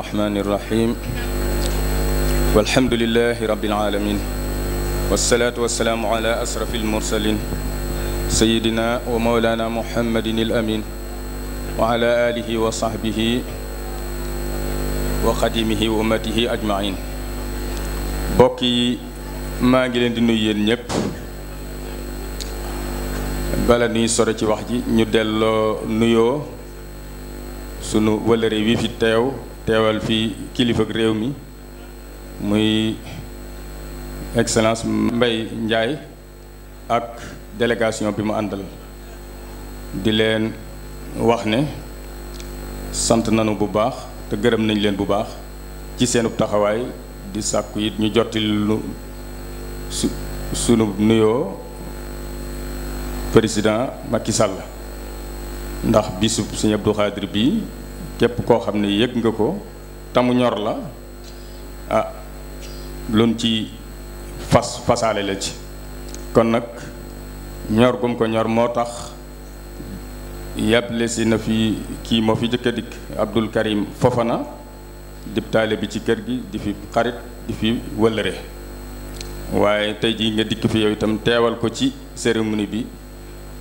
الرحمن الرحيم والحمد لله رب العالمين والصلاة والسلام على أسرف المرسلين سيدنا ومولانا محمد الأمين وعلى آله وصحبه وقديمه وأمته أجمعين بقي ما جلن دي نيين ñep bala nuy sore ci wax ji ñu delloo nuyoo sunu wëlëre wi fi teew teewal fi kilifa réew mi muy excellence mbay njaay ak délégation bi mu àndal di leen wax ne sant nanu bu baax te gërëm nañ leen bu baax ci seenub taxawaay di sàkku it ñu jotti lu su sunu nuyoo président Macky sàll ndax bisub Sëñ Abdou Khadre bii képp koo xam ne yëg nga ko tamu ñor la ah luñ ci fas fasaale la ci kon nag ñor gum ko ñor moo tax yàble si na fi kii moo fi jëkk a dikk Abdul Karim Fofana dib taale bi ci kër gi di fi xarit di fi wëllëre waaye tey jii nga dikk fi yow itam teewal ko ci cérémonie bi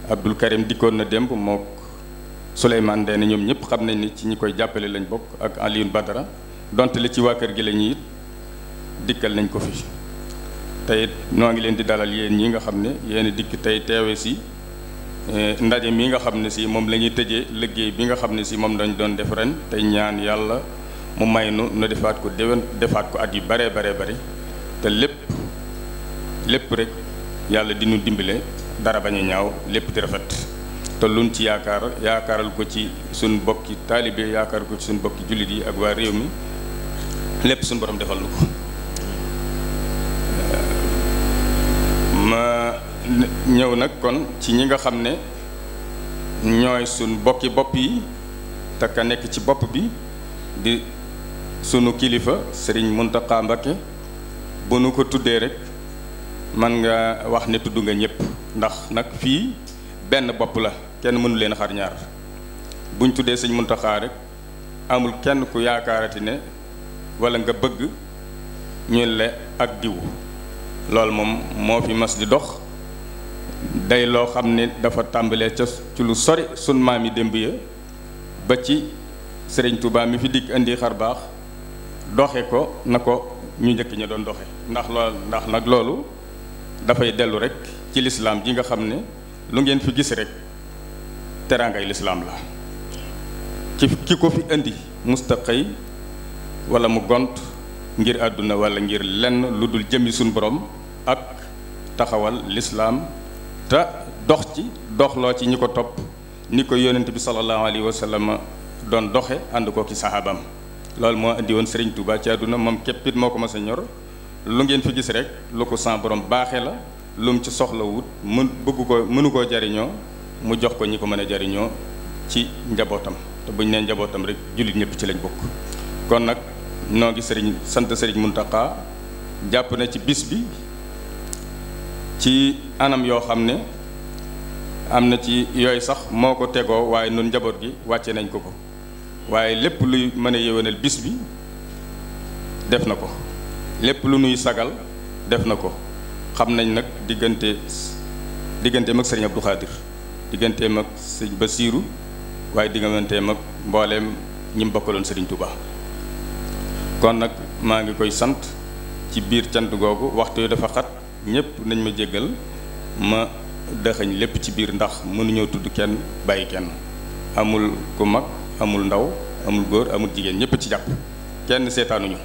Abdul Karim dikkoon na démb moo Souleymane Ndéné ñoom ñëpp xam nañ ni ci ñi koy jàppale lañu bokk ak Alioune Badara donte li ci waa kër gi la ñuy it dikkal nañ ko fi tey it noo ngi leen di dalal yéen ñi nga xam ne yéen dikk tey teewe si eh, ndaje mi nga xam ne si moom la ñuy tëjee liggéey bi nga xam ne si moom dañ doon def ren tey ñaan yàlla mu may nu nu defaat ko déwén defaat ko at yu baree baree bari te lépp lépp rek yàlla di nu dimbale dara ba a ñaaw lépp di rafet. te luñ ci yaakaar yaakaaral ko ci suñ bokki taalibe yaakaar ko ci suñ bokki jullit yi ak waa réew mi lépp suñ borom defal nu ko ma ñëw nag kon ci ñi nga xam ne ñooy suñ bokki bopp yi takk a nekk ci bopp bi di sunu kilifa sëriñ Muntaxa Mbakke bu nu ko tuddee rek man nga wax ne tudd nga ñépp ndax nag fii benn bopp la kenn mënu leen xar ñaar buñ tuddee sëñ Muntaxa rek amul kenn ku yaakaarati ne walla nga bëgg ñu le ak diw loolu moom moo fi mas di dox day loo xam ne dafa tàmbalee ca ci lu sori sun maam yi démb ya ba ci sëriñ Touba mi fi dikk indi xar baax doxe ko na ko ñu njëkk ña doon doxe ndax lool ndax nag loolu dafay dellu rek ci lislaam ji nga xam ne lu ngeen fi gis rek teraangay lislaam la ci ki ko fi indi mustaqay wala mu gont ngir àdduna wala ngir lenn lu dul jëmi suñ borom ak taxawal lislaam te dox ci doxloo ci ñi ko topp ni ko yonent bi sallallahu alayhi wa sallam doon doxe ànd ko ki saxaabam loolu moo indi woon sëriñ Touba ci àdduna moom képpit moo ko mas a ñor lu ngeen fi gis rek lu ko san borom baaxe la lu mu ci soxla wut mën bëgg ko mënu koo jariñoo mu jox ko ñi ko mën a jariñoo ci njabootam te buñ nee njabootam rek jullit ñëpp ci lañ bokk kon nag noo ngi sëriñ sant sëriñ Muntaxa jàpp na ci bis bi ci anam yoo xam ne am na ci yooyu sax moo ko tegoo waaye nun njaboot gi wàcce nañ ko ko waaye lépp luy mën a yéwénal bis bi def na ko lépp lu nuy sagal def na ko xam nañ nag diggante diggante mag sëriñ Abdou Khadir digganteem ak sëñ siiru waaye digganteem ak mbooleem ñi mu bokkaloon sëriñ Touba kon nag maa ngi koy sant ci biir cant googu waxtu yi dafa xat ñépp nañ ma jéggal ma dëxañ lépp ci biir ndax mënuñoo tudd kenn bàyyi kenn amul ku mag amul ndaw amul góor amul jigéen ñëpp ci jàpp kenn seetaanuñu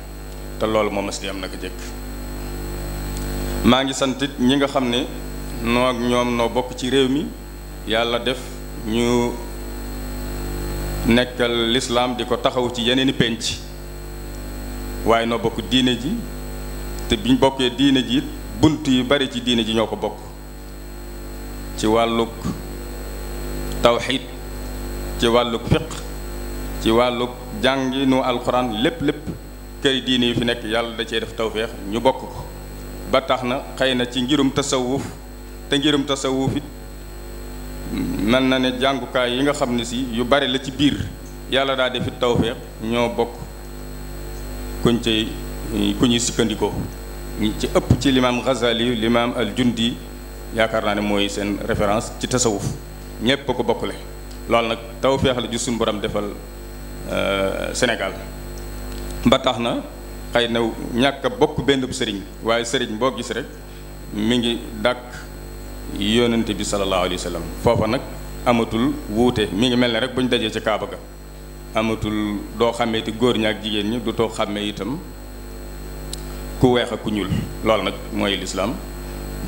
te loolu moo mas di am naka jëkk maa ngi santit ñi nga xam ne noo ak ñoom noo bokk ci réew mi yàlla def ñu nekkal lislaam di ko taxaw ci yeneen yeneeni pénc waaye noo bokk diine ji te biñ bokkee diine ji bunt yu bari ci diine ji ñoo ko bokk ci wàllug tawxiid ci wàllug fiq ci wàllug jànginu alxuraan lépp lépp këri diine yu fi nekk yàlla da cee def tawféex ñu bokk ko ba tax na xëy na ci ngirum tasawuf te ngirum tasawuf it mel na ne jàngukaay yi nga xam ne si yu bari la ci biir yàlla daa defit tawféex ñoo bokk kuñ cay ku ñuy sukkandikoo ci ëpp ci limaam Ghazali limaam al-Jundi yaakaar naa ne mooy seen référence ci tasawuf ñépp ko bokkule loolu nag tawféex la ju suñu borom defal euh, Sénégal ba tax na xëy na ñàkk bokk benn bu sëriñ waaye sëriñ boo gis rek mi ngi dàkk yonent bi sallallahu alayhi wa foofa nag amatul wuute mi ngi mel ne rek bu ñu dajee ca kaaba ga amatul doo xàmmee ti góor ñi ak jigéen ñi du too xàmmee itam ku weex ku ñuul loolu nag mooy lislaam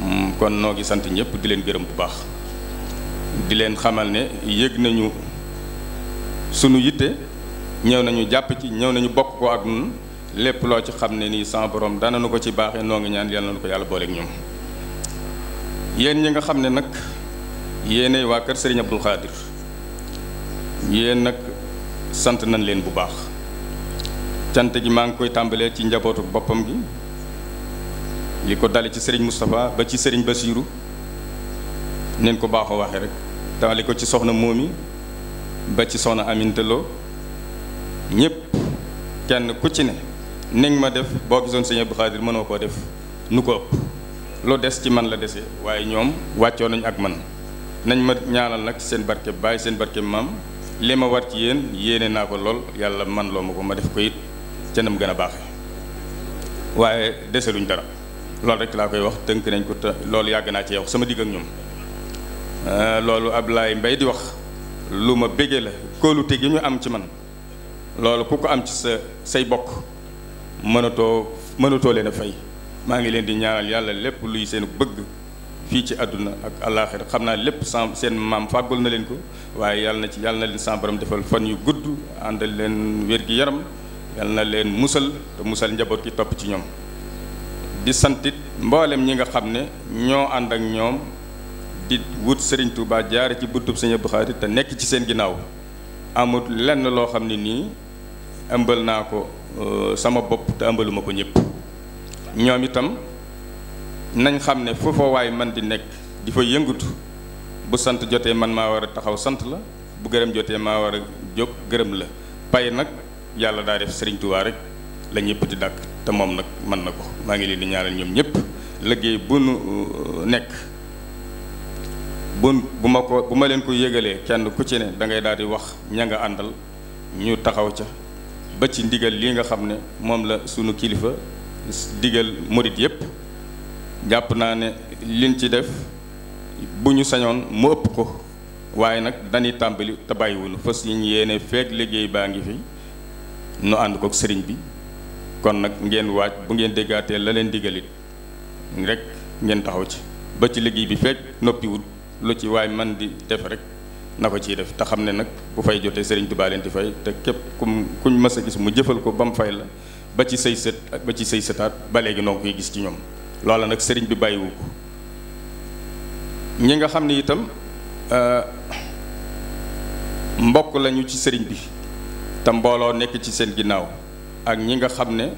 mm, kon noo ngi sant ñëpp di leen gërëm bu baax di leen xamal ne yëg nañu sunu yitte ñëw nañu jàpp ci ñëw nañu bokk ko ak ñun lépp loo ci xam ne nii sama borom dana nu ko ci baaxee noo ngi ñaan yàlla na ko yàlla booleeg ñoom yéen ñi nga xam ne nag yéenay waa kër Serigne Abdou Khadir yéen nag sant nañ leen bu baax cant gi maa ngi koy tàmbalee ci njabootu boppam gi li ko dale ci Serigne Moustapha ba ci Serigne Bassirou neen ko baaxoo waxee rek dale ko ci soxna Momi ba ci soxna Aminta Lo ñëpp kenn ku ci ne ni ma def boo gisoon Serigne Abdou Khadir mënoo koo def nu ko ëpp lu des ci man la dese waaye ñoom wàccoo nañu ak man nañ ma ñaanal nag seen barke bàyyi seen barke maam li ma war ci yéen yéene naa ko lool yàlla man loo ma ko ma def ko it ca nam gën a baaxe waaye dese luñ dara loolu rek laa koy wax tënk nañ ko te loolu yàgg naa ci yow sama digg ak ñoom euh, loolu ab Ablaye Mbaye di wax lu ma béggee la kóolute gi ñu am ci man loolu ku ko am ci sa say bokk mënatoo mënatoo leen a fay maa ngi leen di ñaanal yàlla lépp luy seen bëgg fii ci àdduna ak àllaaxira xam naa lépp sans seen maam fàggul na leen ko waaye yàlla na ci yàlla na leen defal fan yu gudd àndal leen wér yaram yàlla na leen musal musal njaboot gi topp ci ñoom di santit mboolem ñi nga xam ne ñoo ànd ak ñoom di wut Serigne Touba jaare ci buntub Serigne te nekk ci seen ginnaaw amut lenn loo xam ne nii ëmbal naa ko euh, sama bopp te ëmbaluma ko ñëpp ñoom itam nañ xam ne foofa waay man di nekk di fa yëngatu bu sant jotee man maa war a taxaw sant la bu gërëm jotee maa war a jóg gërëm la pay nag yàlla daa def sëriñtuwaa rek la ñëpp di dàkk te moom nag mën na ko maa ngi leen di ñaanal ñoom ñëpp liggéey bu nu uh, nekk bu bu ma ko bu ma leen ko yëgalee kenn ku ci ne da ngay daal di wax ña nga àndal ñu taxaw ca ba ci ndigal li nga xam ne moom la sunu kilifa digal murit yépp jàpp naa ne lin ci def bu ñu sañoon mu ëpp ko waaye nag dañuy tàmbali te bàyyiwunu fas yi ñu yéene feek liggéey baa ngi fi nu ànd ko sëriñ bi kon nag ngeen waaj bu ngeen déggaatee la leen digalit rek ngeen taxaw ci ba ci liggéey bi fekk noppiwul lu ci waay man di def rek na ko ciy def te xam ne nag bu fay jotee sëriñ bi baa leen di fay te képp ku kuñ mës gis mu jëfal ko ba mu fay la ba ci say sët ba ci sëysëtaat ba léegi noo koy gis ci ñoom loola nag sëriñ bi bàyyiwu ko ñi nga xam ni itam euh, mbokk lañu ci sëriñ bi te mbooloo nekk ci seen ginnaaw ak ñi nga xam ne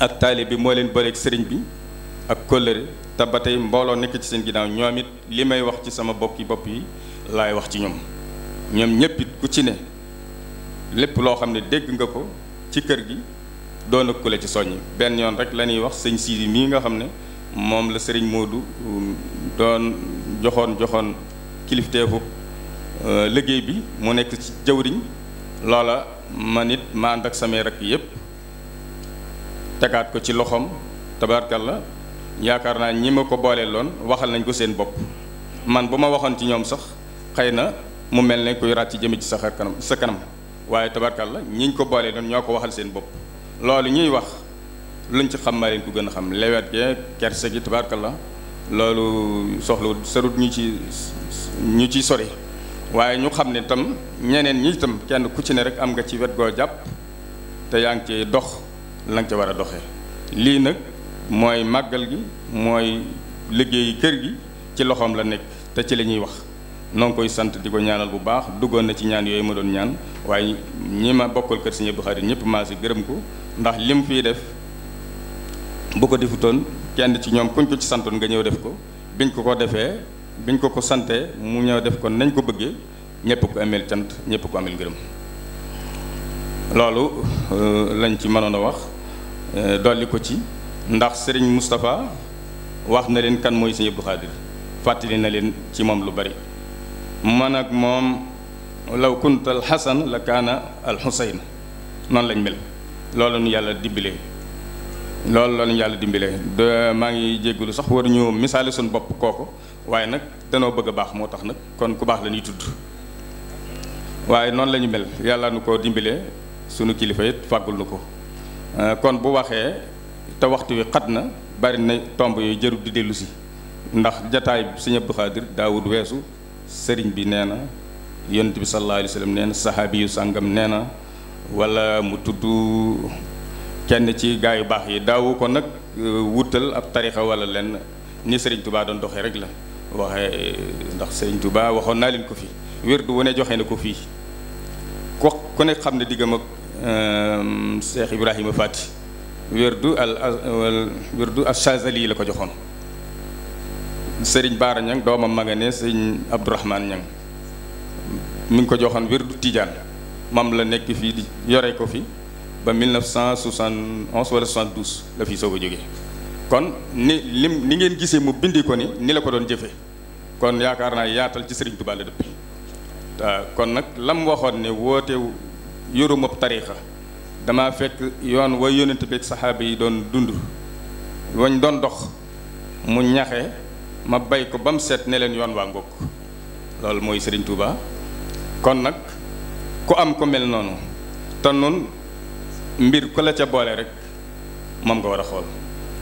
ak taalibe bi mooy leen booleeg sëriñ bi ak kóllëre te ba tey mbooloo nekk ci seen ginnaaw ñoom it li may wax ci sama bokki bopp yi laay wax ci ñoom ñoom ñëpp it ku ci ne lépp loo xam ne dégg nga ko ci kër gi doon ak ku la ci soññi benn yoon rek la ñuy wax sëñ Sidi mii nga xam ne moom la sëriñ Modou um, doon joxoon joxoon kilifteefu euh, liggéey bi mu nekk ci jëwriñ loola man it ma ànd ak samay rakk yépp tegaat ko ci loxoom la yaakaar naa ñi ma ko loon waxal nañ ko seen bopp man bu ma waxoon ci ñoom sax xëy na mu mel ne kuy raat ci jëme ci sa kanam sa kanam waaye tabarkal la ñiñ ko boolee doon ñoo ko waxal seen bopp loolu ñuy wax luñ ci xam maa leen ko gën a xam lewet gee kerse gi la loolu soxla sarut ñu ci ñu ciy sori waaye ñu xam ne tam ñeneen ñi tam kenn ku ci ne rek am nga ci wet goo jàpp te yaa ngi ci dox la nga ca war a doxee lii nag mooy màggal gi mooy liggéey kër gi ci loxoom la nekk te ci la ñuy wax noo ngi koy sant di ko ñaanal bu baax duggoon na ci ñaan yooyu ma doon ñaan waaye ñi ma bokkal kër Sëriñ Abdou Khadre ñëpp maa si gërëm ko ndax li mu fiy def bu ko defutoon kenn ci ñoom ko ci santoon nga ñëw def ko biñ ko ko defee biñ ko ko santee mu ñëw def ko nañ ko bëggee ñëpp ko ameel cant ñëpp ko ameel gërëm loolu euh, lañ ci mënoon a wax euh, dolli ko ci ndax sëriñ Moustapha wax na leen kan mooy Sëriñ Abdou Khadre fàttali na leen ci moom lu bari man ak moom law kunta alxasan la kaana alxuseyn noonu lañ mel loolu nu yàlla dimbilee loolu loolu ñu yàlla dimbilee de maa ngi jéggulu sax war ñu misaale suñu bopp kooku waaye nag danoo bëgg a baax moo tax nag kon ku baax la ñuy tudd waaye noonu lañu mel yàlla nu ko dimbilee sunu kilifa it fàggul nu ko euh, kon bu waxee te waxtu wi xat na bari na tomb yooyu jërul di dellu si ndax jataay Sëñ Abdou Khadir daawud weesu sëriñ bi nee na yonent bi sallallahu alayhi wa sallam nee saxaabi yu sàngam nee na wala mu tudd kenn ci gaa yu baax yi daawu ko nag euh, wutal ab tarixa wala lenn ni sëriñ tubaa doon doxee rek la waxe ndax sëriñ tubaa waxoon naa leen ko fii wér du wane joxe na ko fii ku ku ne xam ne diggam ak euh, Cheikh Ibrahima Fati wér du al wér du al Chazali la ko joxoon sëriñ Baara Ñang doomam ma nga ne sëriñ Abdourahman Ñang mi ngi ko joxoon wirdu Tijaan mam la nekk fii di yore ko fi ba 1971 wala 72 la fi soog a jógee kon ni li ni ngeen gisee mu bindi ko ni ni la ko doon jëfee kon yaakaar naa yaatal ci sëriñ Tuubaa la dëpp kon nag lam waxoon ne woote yoruma tariixa dama fekk yoon way yónnent beeg saxaaba yi doon dund wañ doon dox mu ñaxe ma bay ko ba mu set ne leen yoon waa ngokk loolu mooy sëriñ Touba kon nag ku am ku mel noonu te nun mbir ku la ca boole rek moom nga war a xool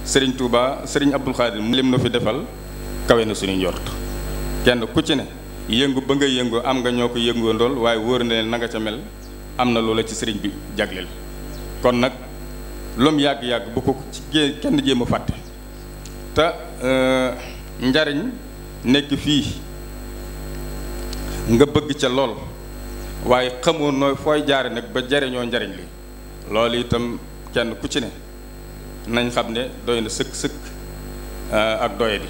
sëriñ tuuba sëriñ Abdou Khadir mu lim nu fi defal kawe na suñu njort kenn ku ci ne yëngu ba nga yëngu am nga ñoo ko yëngoo ndool waaye wóor na nanga ca mel am na loola ci sëriñ bi jagleel kon nag lum yàgg-yàgg bu ko ci kenn jéem fàtte te euh, njariñ nekk fii nga bëgg ca lool waaye xamoo nooy fooy jaare nag ba jariñoo njariñ li loolu itam kenn ku ci ne nañ xam ne doy na sëkk sëkk euh, ak doye di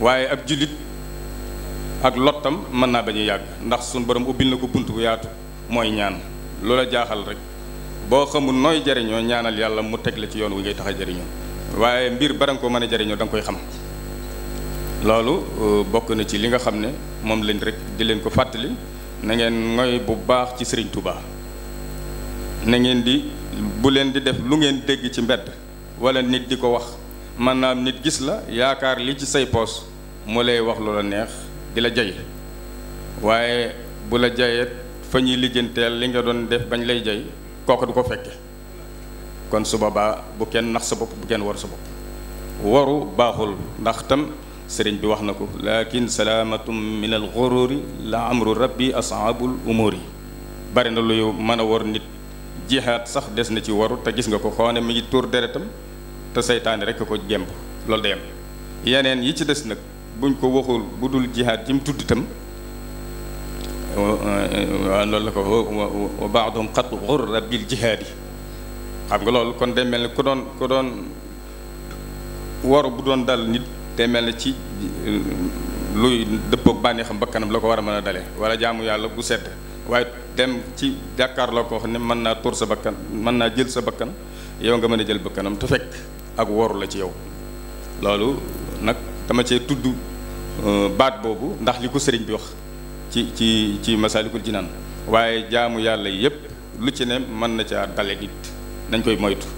waaye ab jullit ak lottam mën naa bañ a yàgg ndax suñu borom ubbil na ko bunt bu yaatu mooy ñaan loola jaaxal rek boo xamul nooy jariñoo ñaanal yàlla mu teg la ci yoon wi ngay tax a jariñoo waaye mbir bara nga ko mën a jariñoo da koy xam loolu euh, bokk na ci li nga xam ne moom lañ rek di leen ko fàttali nangeen ngeen ngoy bu baax ci Serigne Touba na ngeen di bu leen di def lu ngeen dégg ci mbedd walla nit di ko wax maanaam nit gis la yaakaar li ci say poos mu lay wax lu la neex di la jay waaye bu la jayet fa ñuy lijjanteel li nga doon def bañ lay jay kooku du ko fekke kon su boobaa bu kenn nax sa bopp bu kenn war sa bopp waru baaxul ndax tam sëriñ bi wax na ko lakin salaamatum min al xururi la amru rabbi asaabul umur yi bari na luy mën a war nit jihaat sax des na ci waru te gis nga ko xoone mi ngi tuur deretam te seytaane rekk ko gemb loolu day yeneen yi ci des nag buñ ko waxul bu dul jihaat jim tudd itam waaw loolu la ko wa baadohum xat xurra bil jihaad yi xam nga loolu kon day mel ne ku doon ku doon waru bu doon dal nit te mel na ci euh, luy dëppoog bànneexam bakkanam la ko war a mën a dale wala jaamu yàlla gu sedd waaye dem ci jàkkaarloo ko xam ne mën naa tuur sa bakkan mën naa jël sa bakkan yow nga mën a jël bakkanam te fekk ak woru la ci yow loolu nag dama cee tudd euh, baat boobu ndax li ko sëriñ bi wax ci ci ci masaalikul jinaan waaye jaamu yàlla yépp lu ci ne mën na caa dale nit nañ koy moytu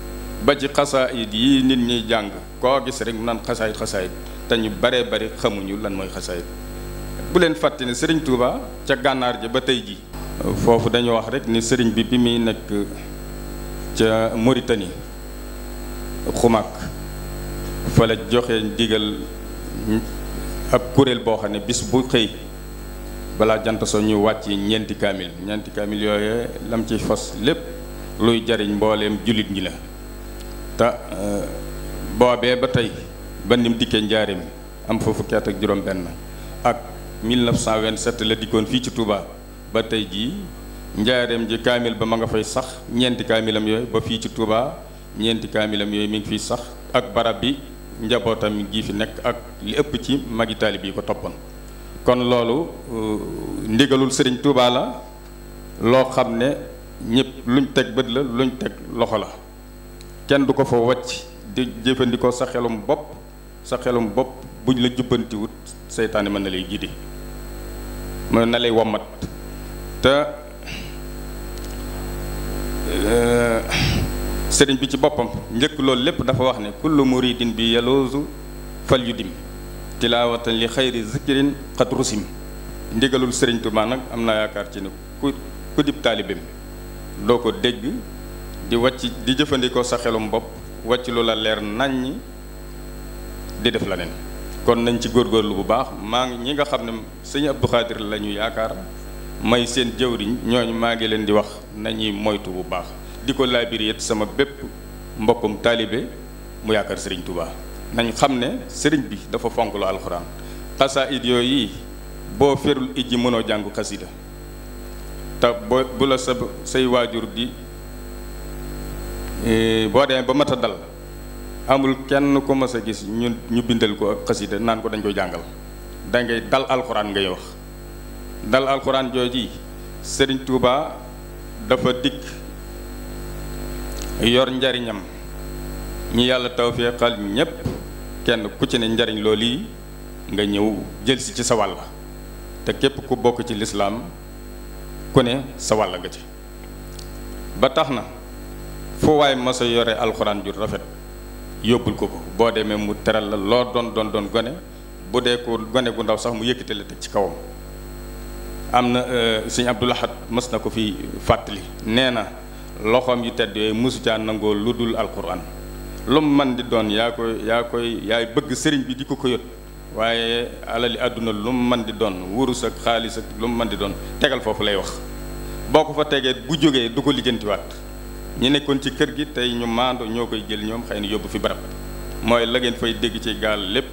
ba ci it yi nit ñuy jàng koo gis rek mu naan xasaayit xasaayit te ñu baree bari xamuñu lan mooy xasaayit bu leen fàtte ne sëriñ Touba ca gànnaar ja ba tey ji foofu dañu wax rek ni sëriñ bi bi muy nekk ca moritani xumak fa la joxe ndigal ab kuréel boo xam ne bis bu xëy balaa jant soo ñu wàcc ñeenti kaamil ñeenti kaamil yooye lam ci fas lépp luy jariñ mbooleem jullit ñi la te euh, boobee ba tey ba nim dikkee njaarim am fa fukki at ak juróom-benn ak 1927 la dikkoon fii ci Touba ba tey jii njaareem ji kaamil ba ma nga fay sax ñeenti kaamilam yooyu ba fii ci Touba ñeenti kaamilam yooyu mi ngi fiy sax ak barab bi njabootam gi fi nekk ak li ëpp ci magi taalib yi ko toppoon. kon loolu euh, ndigalul sëriñ Touba la loo xam ne ñëpp luñ teg bët la luñ teg loxo la kenn du ko fa wàcc di jëfandikoo sa xelum bopp. sa xelum bopp buñ la jubbantiwut seytaane mën na lay gidi mën na lay wommat te euh, sëriñ bi ci boppam njëkk loolu lépp dafa wax ne kullu muridin bi yaloosu fal yu dim tilaawatan li xayri zikirin xat rusim ndigalul sëriñ Tuubaa nag am na yaakaar ci ne ku ku taalibeem doo ko dégg di wacc di jëfandikoo sa xelum bopp wàcc lu la leer nàññi di def leneen kon nañ ci góor góorlu bu baax maa ngi ñi nga xam ne sëñ Abdou Khadir la ñu yaakaar may seen jëwriñ ñooñ maa ngi leen di wax nañuy moytu bu baax di ko laabir yet sama bépp mbokkum taalibe mu yaakaar sëriñ Touba nañ xam ne sëriñ bi dafa fonk lu alxuraan xasaayid yooyu boo ferul yi mënoo jàng xasida te boo bu la sa say waajur di eh, boo demee ba mat a dal amul kenn ku mas gis ñu ñu bindal ko ak xasida naan ko dañ koy jàngal da ngay dal alxuraan ngay wax dal alxuraan jooji sëriñ Touba dafa dikk yor njariñam ñi yàlla tawféexal ñépp kenn ku ci ne njariñ loolu yi nga ñëw jël si ci sa wàll te képp ku bokk ci lislaam ku ne sa wàll nga ci ba tax na fu waay mas yore alxuraan ju rafet yóbbul ko ko boo demee mu teral la loo doon doon doon gone bu dee ko gone bu ndaw sax mu yëkkate la teg ci kawam am na euh, sëñ Abdul Ahad mës na ko fi fàttali nee na loxoom yu tedd yooyu mësu caa nangoo lu dul alquran lu mu man di doon yaa koy yaa koy yaay bëgg sëriñ bi di ko ko yot waaye alali àdduna lu mu man di doon wurus ak xaalis ak lu mu man di doon tegal foofu lay wax boo ko fa tegee bu jógee du ko lijjantiwaat ñu nekkoon ci kër gi tey ñu maandu ñoo koy jël ñoom xëy na yóbbu fi barab mooy la ngeen fay dégg ci gaal lépp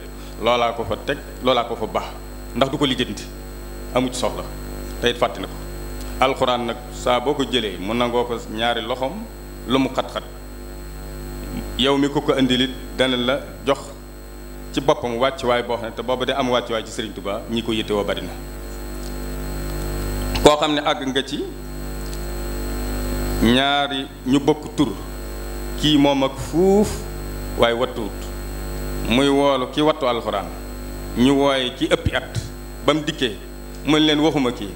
loolaa ko fa teg loolaa ko fa baax ndax du ko lijjanti amu ci soxla tey it fàtte na ko alxuraan nag saa boo ko jëlee mu nangoo ko ñaari loxoom lu mu xat-xat yow mi ko ko indilit dana la jox ci boppam wàccuwaay boo xam ne te booba de am wàccuwaay ci Serigne Touba ñi ko yittewoo bari na koo xam ne àgg nga ci. ñaari ñu bokk tur kii moom ak fuuf waaye wattuwut muy woolu ki wattu alxuraan ñu wooye ki ëppi at ba mu dikkee mën leen waxuma kii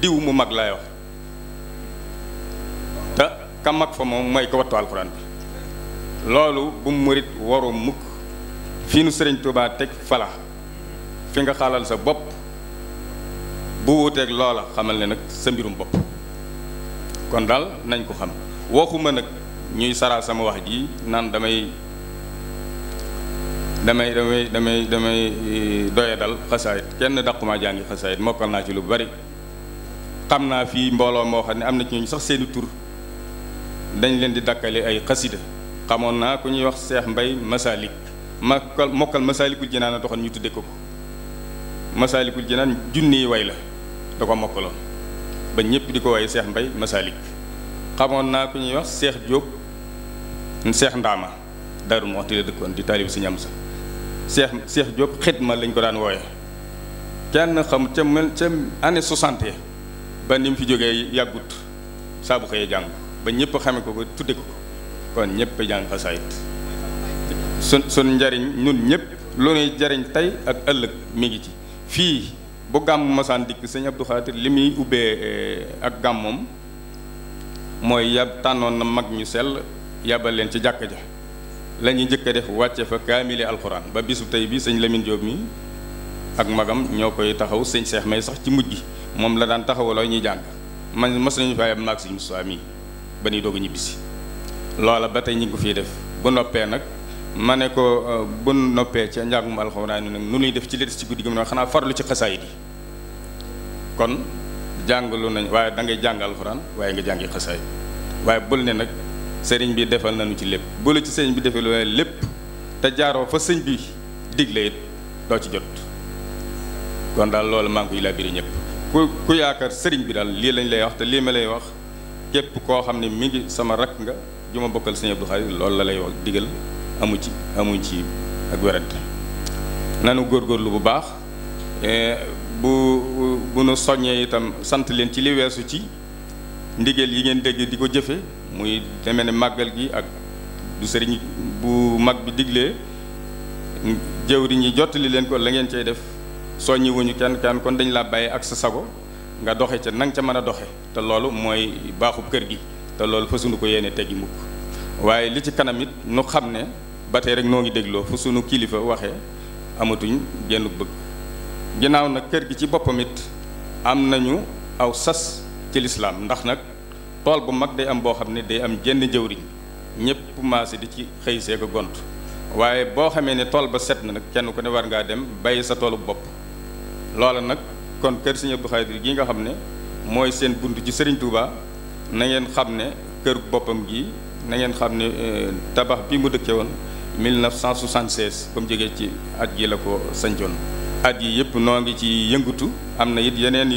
diw mu mag laay wax te ka mag fa moom mooy ko wattu alxuraan bi loolu bu murit waru mukk fii nu sëriñ Tuubaa teg fala fi nga xalal sa bopp bu wuteeg loola xamal ne nag sa mbirum bopp kon daal nañ ko xam waxuma nag ñuy saraa sama wax ji naan damay damay damay damay damay eh, doye dal xasaayit kenn daquma jàngi xasaayit mokkal naa ci lu bari xam naa fii mbooloo moo xam ne am na ci ñooñu sax seeni tur dañ leen di dakkale ay xasida xamoon naa ku ñuy wax seex mbay masaalik mokkal mokkal masaalikul jinaan a taxoon ñu tudde ko ko masaalikul jinaan junniy way la da ko mokkaloon ba ñëpp di ko waaye Cheikh Mbay Masalik xamoon naa ku ñuy wax Cheikh Diop Cheikh Ndaama Daaru Muxti la dëkkoon di taalib si ñam sa Cheikh Cheikh Diop ma lañ ko daan wooye kenn xam ca mel ca année soixante ba ni mu fi jógee yàggut saa bu xëyee jàng ba ñëpp xame ko ko tudde ko kon ñëpp jàng xasaayit sun sun njariñ ñun ñëpp lu nuy jariñ tey ak ëllëg mi ngi ci fii bu gàmm mosaan dikk sëñ Abdou Khadir li muy ubbee eh, ak gàmmoom mooy yab tànnoon na mag ñu sell yabal leen ci jàkk ja la ñuy njëkk a def wàcce fa kaamile alxuraan ba bisu tey bi sëñ Lamine Diop mi ak magam ñoo koy taxaw sëñ Cheikh may sax ci mujj gi moom la daan taxawaloo ñuy jàng man mos nañu faa yab maag sëñ Moussa mii ba ñuy doog a ñibbisi loola ba tey ñu ngi ko fiy def bu noppee nag. ma ne ko euh, bu noppee ca njàngum alxuraan nag nu nuy def ci li ci guddi gi mu ne xanaa farlu ci xasaayid yi kon jàngalu nañ waaye dangay ngay jàng alxuraan waaye nga jàngi xasaayid waaye bul ne nag sëriñ bi defal nañu ci lépp bu la ci sëriñ bi defee lu ne lépp te jaaroo fa sëñ bi digle it doo ci jot kon daal loolu maa ngi koy laabiri ñëpp ku ku yaakaar sëriñ bi daal lii lañ lay wax te lii ma lay wax képp koo xam ne mi ngi sama rak nga ju ma sëñ Abdou loolu la lay wax digal amu ci amuñ ci ak werante nanu góorgóorlu bu baax e, bu bu nu soññee itam sant leen ci li weesu ci ndigal yi ngeen dégg di ko jëfe muy demee ne màggal gi ak du sëriñ bu mag bi diglee jëwriñ yi jottali leen ko la ngeen cay def soññi wuñu kenn kenn kon dañ laa bàyyi ak sa sago nga doxe ca nang ca mën a doxe te loolu mooy baaxu kër gi te loolu fa fasuñu ko yéene teggi mukk waaye li ci kanam nu xam ne ba tey rek noo ngi dégloo fu sunu kilifa waxee amatuñ genn bëgg ginnaaw nag kër gi ci boppam it am nañu aw sas ci lislaam ndax nag tool bu mag day am boo xam ne day am jenn riñ ñëpp maase di ci xëy see ko gont waaye boo xamee ne tool ba set na nag kenn ku ne war ngaa dem bàyyi sa toolu bopp loola nag kon kër Sëriñ Abdou Khadre gi nga xam ne mooy seen bunt ci Sëriñ Touba na ngeen xam ne kër boppam gi na ngeen xam ne eh, tabax bi mu dëkke woon 1976 ba mu jógee ci at gi la ko sancoon at yi yëpp noo ngi ci yëngatu am na it yeneen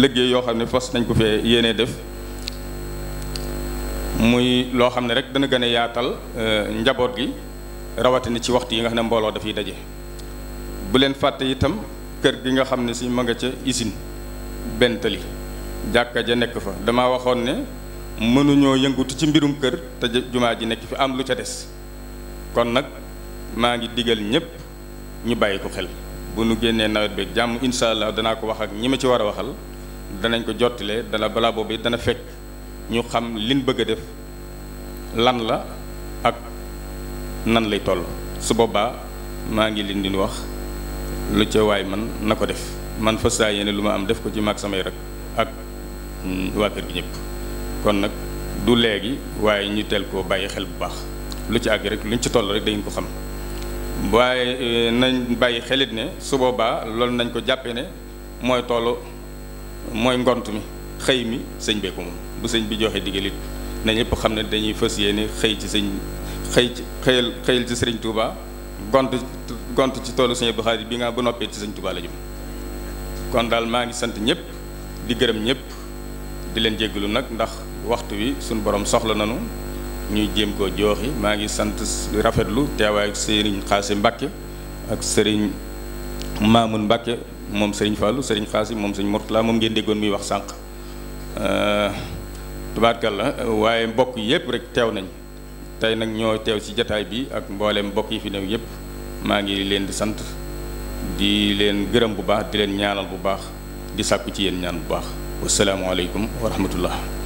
liggéey yoo xam ne fas nañ ko fee yéenee def muy loo xam ne rek dana gën a yaatal euh, njaboot gi rawatina ci waxtu yi nga xam ne mbooloo dafay daje bu leen fàtte itam kër gi nga xam ne si ma nga ca usine benn tali jàkka ja nekk fa dama waxoon ne mënuñoo yëngutu ci mbirum kër te jumaa ji nekk fi am lu ca des kon nag maa ngi digal ñépp ñu bàyyi ko xel bu nu génnee nawet bi jàmm incha allah danaa ko wax ak ñi ma ci war a waxal danañ ko jottile dana balaa boobu dana fekk ñu xam liñ bëgg a def lan la ak nan lay toll su boobaa maa ngi leen di wax lu ca waay man na ko def man fa saa yéene lu ma am def ko ci mag samay rek ak mm, waa kër gi ñëpp kon nag du léegi waaye ñu teel koo bàyyi xel bu baax lu ci àgg rek luñ ci toll rek dañu ko xam waaye euh, nañ bàyyi xelit ne su boobaa loolu nañ ko jàppe ne mooy toolu mooy ngont mi xëy mi sëñ bee ko moom bu sëñ bi joxee digal it na ñëpp xam ne dañuy fas yéene xëy ci sëñ xëy ci xëyal xëyal ci sëriñ Touba gont gont ci toolu sëñ Abdou Khadre bi nga ba noppee ci sëñ Touba la jëm kon daal maa ngi sant ñëpp di gërëm ñëpp di leen jéggalu nag ndax waxtu wi suñu borom soxla nanu ñuy jéem koo jooxi maa ngi sant rafetlu teewaay ak sëriñ Xaasim Mbàkke ak sëriñ Maamun Mbàkke moom sëriñ Fallou sëriñ Xaasim moom sëriñ laa moom ngeen déggoon muy wax sànq euh, la waaye mbokk yëpp rek teew nañ tey nag ñoo teew ci jataay bi ak mbooleem mbokk yi fi new yëpp maa ngi leen di sant di leen gërëm bu baax di leen ñaanal bu baax di sàkku ci yéen ñaan bu baax wasalaamualeykum wa rahmatullah